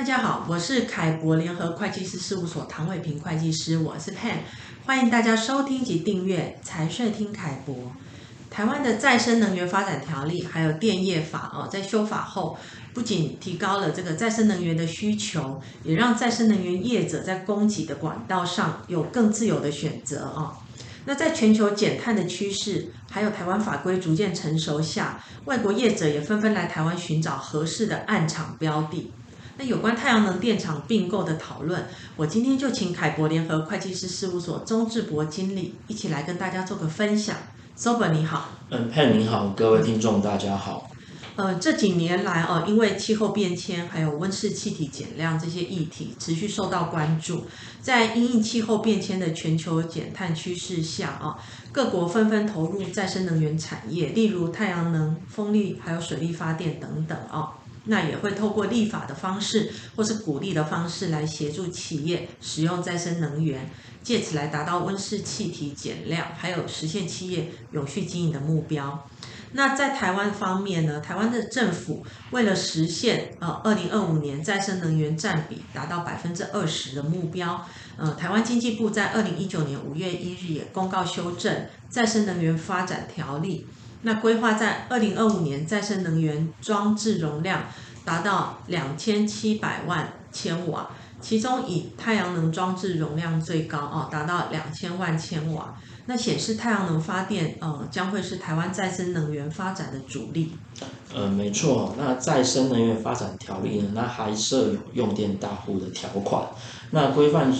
大家好，我是凱博聯合會計師事務所唐偉平會計師，我是 Pan，歡迎大家收聽及訂閱財稅聽凱博。台灣的再生能源發展條例還有電業法哦，在修法後，不僅提高了這個再生能源的需求，也讓再生能源業者在供給的管道上有更自由的選擇哦。那在全球減碳的趨勢，還有台灣法規逐漸成熟下，外國業者也紛紛來台灣尋找合適的案場標的。那有關太陽能電廠併購的討論，我今天就請凱博聯合會計師事務所鍾智博經理一起來跟大家做個分享。Sober 你好，嗯 Pan 你好，各位聽眾大家好。呃，這幾年來啊，因為氣候變遷還有溫室氣體減量這些議題持續受到關注，在因應氣候變遷的全球減碳趨勢下啊，各國紛紛投入再生能源產業，例如太陽能、風力還有水力發電等等。那也會透過立法的方式，或是鼓勵的方式來協助企業使用再生能源，借此來達到溫室氣體減量，還有實現企業永續經營的目標。那在台灣方面呢，台灣的政府為了實現呃2025年再生能源占比達到百分之二十的目標，呃，台灣經濟部在2019年5月1日也公告修正再生能源發展條例。那規劃在二零二五年再生能源裝置容量達到兩千七百萬千瓦，其中以太陽能裝置容量最高哦，達到兩千萬千瓦。那顯示太陽能發電呃將會是台灣再生能源發展的主力。嗯、呃，沒錯，那再生能源發展條例呢，那還設有用電大戶的條款，那規範。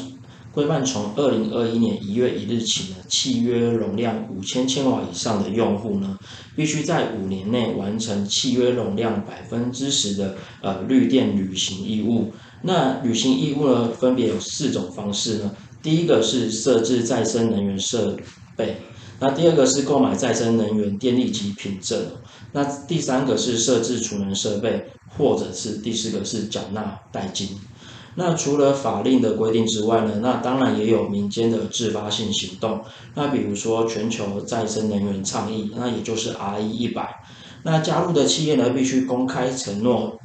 規範從二零二一年一月一日起呢，契約容量五千千瓦以上的用戶呢，必須在五年內完成契約容量百分之十的呃綠電履行義務。那履行義務呢，分別有四種方式呢。第一個是設置再生能源設備，那第二個是購買再生能源電力及憑證，那第三個是設置儲能設備，或者是第四個是繳納代金。那除了法令的規定之外呢，那當然也有民間的自發性行動。那比如說全球再生能源倡議，那也就是 RE 一百。那加入的企業呢，必須公開承諾，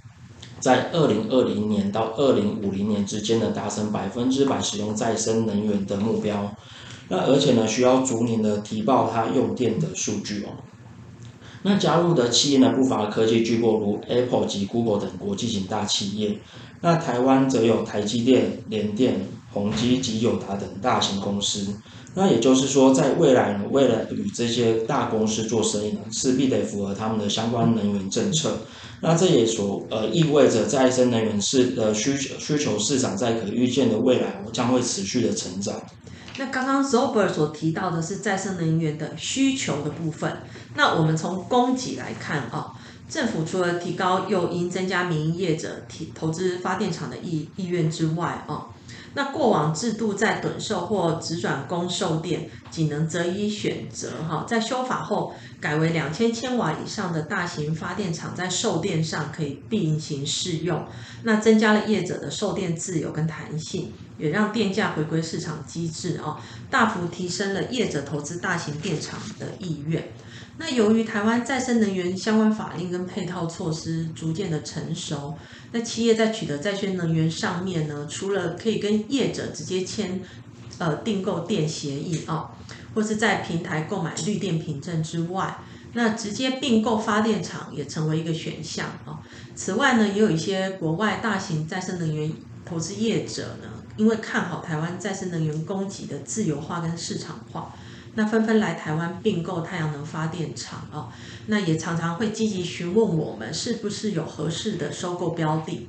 在二零二零年到二零五零年之間的達成百分之百使用再生能源的目標。那而且呢，需要逐年的提報它用電的數據哦。那加入的企業呢，不乏科技巨擘，如 Apple 及 Google 等國際型大企業。那台灣則有台積電、聯電、宏基及友達等大型公司。那也就是說，在未來為了與這些大公司做生意，勢必得符合他們的相關能源政策。那這也所呃意味着再生能源市的需求需求市場在可預見的未來將會持續的成長。那剛剛 Zober 所提到的是再生能源的需求的部分。那我們從供給來看啊、哦。政府除了提高又因增加民營業者提投資發電廠的意意願之外，哦，那過往制度在躉售或直轉供售電僅能擇一選擇，哈，在修法後改為兩千千瓦以上的大型發電廠在售電上可以並行適用，那增加了業者的售電自由跟彈性。也讓電價回歸市場機制哦，大幅提升了業者投資大型電廠的意願。那由於台灣再生能源相關法令跟配套措施逐漸的成熟，那企業在取得再生能源上面呢，除了可以跟業者直接簽，呃，訂購電協議哦，或是在平台購買綠電憑證之外，那直接併購發電廠也成為一個選項哦。此外呢，也有一些國外大型再生能源投資業者呢。因為看好台灣再生能源供給的自由化跟市場化，那紛紛來台灣併購太陽能發電廠，那也常常會積極詢問我們是不是有合適的收購標的。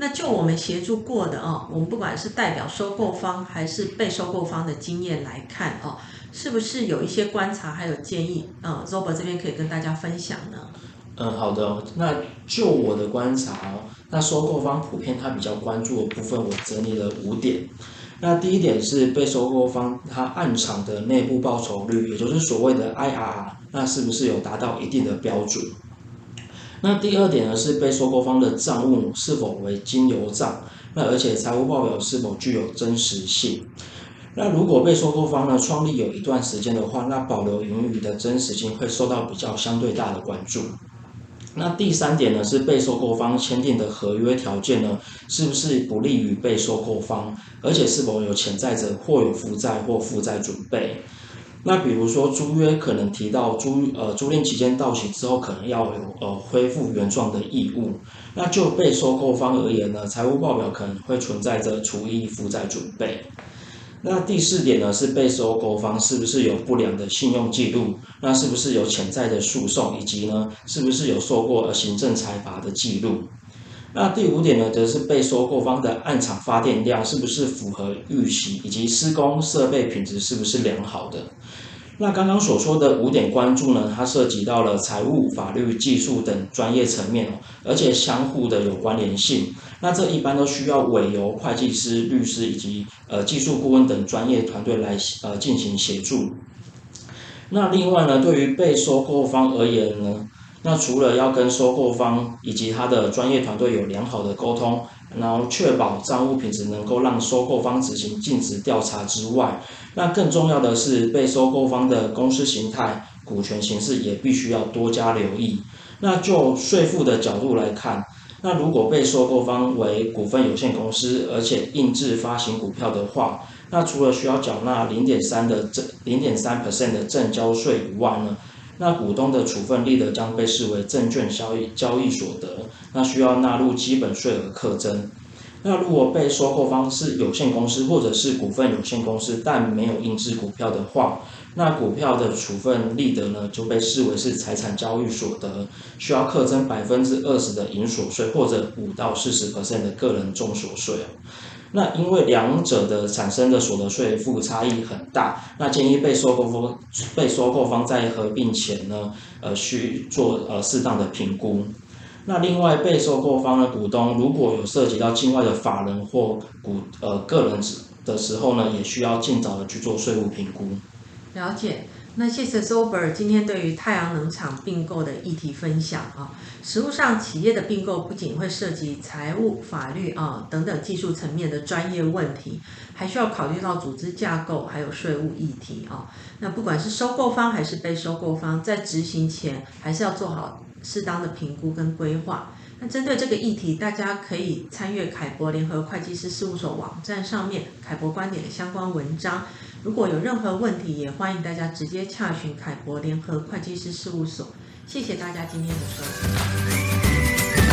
那就我們協助過的啊，我們不管是代表收購方還是被收購方的經驗來看啊，是不是有一些觀察還有建議啊，周博這邊可以跟大家分享呢？嗯，好的哦。那就我的觀察哦，那收購方普遍他比較關注的部分，我整理了五點。那第一點是被收購方他案場的內部報酬率，也就是所謂的 IRR，那是不是有達到一定的標準？那第二點呢是被收購方的賬務是否為金流賬，那而且財務報表是否具有真實性？那如果被收購方呢創立有一段時間的話，那保留盈餘的真實性會受到比較相對大的關注。那第三點呢，是被收購方簽訂的合約條件呢，是不是不利於被收購方？而且是否有潛在着或有負債或負債準備？那比如說租約可能提到租，呃，租賃期間到期之後可能要有呃恢復原狀的義務，那就被收購方而言呢，財務報表可能會存在着除役負債準備。那第四點呢，是被收購方是不是有不良的信用記錄？那是不是有潛在的訴訟，以及呢，是不是有受過行政裁罰的記錄？那第五點呢，則是被收購方的案場發電量是不是符合預期，以及施工設備品質是不是良好的？那剛剛所說的五點關注呢，它涉及到了財務、法律、技術等專業層面，而且相互的有關聯性。那這一般都需要委由會計師、律師以及呃技術顧問等專業團隊來呃進行協助。那另外呢，對於被收購方而言呢，那除了要跟收購方以及他的專業團隊有良好的溝通。然後確保賬務品質能夠讓收購方執行盡職調查之外，那更重要的是被收購方的公司形態、股權形式也必須要多加留意。那就稅負的角度來看，那如果被收購方為股份有限公司，而且印製發行股票的話，那除了需要繳納零點三的證零點三 percent 的證交稅以外呢，那股東的處分利得將被視為證券交易交易所得，那需要納入基本稅額課徵。那如果被收購方是有限公司或者是股份有限公司，但沒有印制股票的話，那股票的處分利得呢，就被視為是財產交易所得，需要課徵百分之二十的營所稅或者五到四十 percent 的個人綜所稅。那因為兩者的產生的所得稅負差異很大，那建議被收購方被收購方在合併前呢，呃，去做呃適當的評估。那另外被收購方的股東如果有涉及到境外的法人或股呃個人的時候呢，也需要盡早的去做稅務評估。了解。那謝謝 sober 今天對於太陽能廠併購的議題分享啊，實務上企業的併購不僅會涉及財務、法律啊，等等技術層面的專業問題，還需要考慮到組織架構還有稅務議題啊。那不管是收購方還是被收購方，在執行前還是要做好適當的評估跟規劃。那針對這個議題，大家可以參閱凱博聯合會計師事務所網站上面凱博觀點的相關文章。如果有任何問題，也歡迎大家直接洽詢凱博聯合會計師事務所。謝謝大家今天的收聽。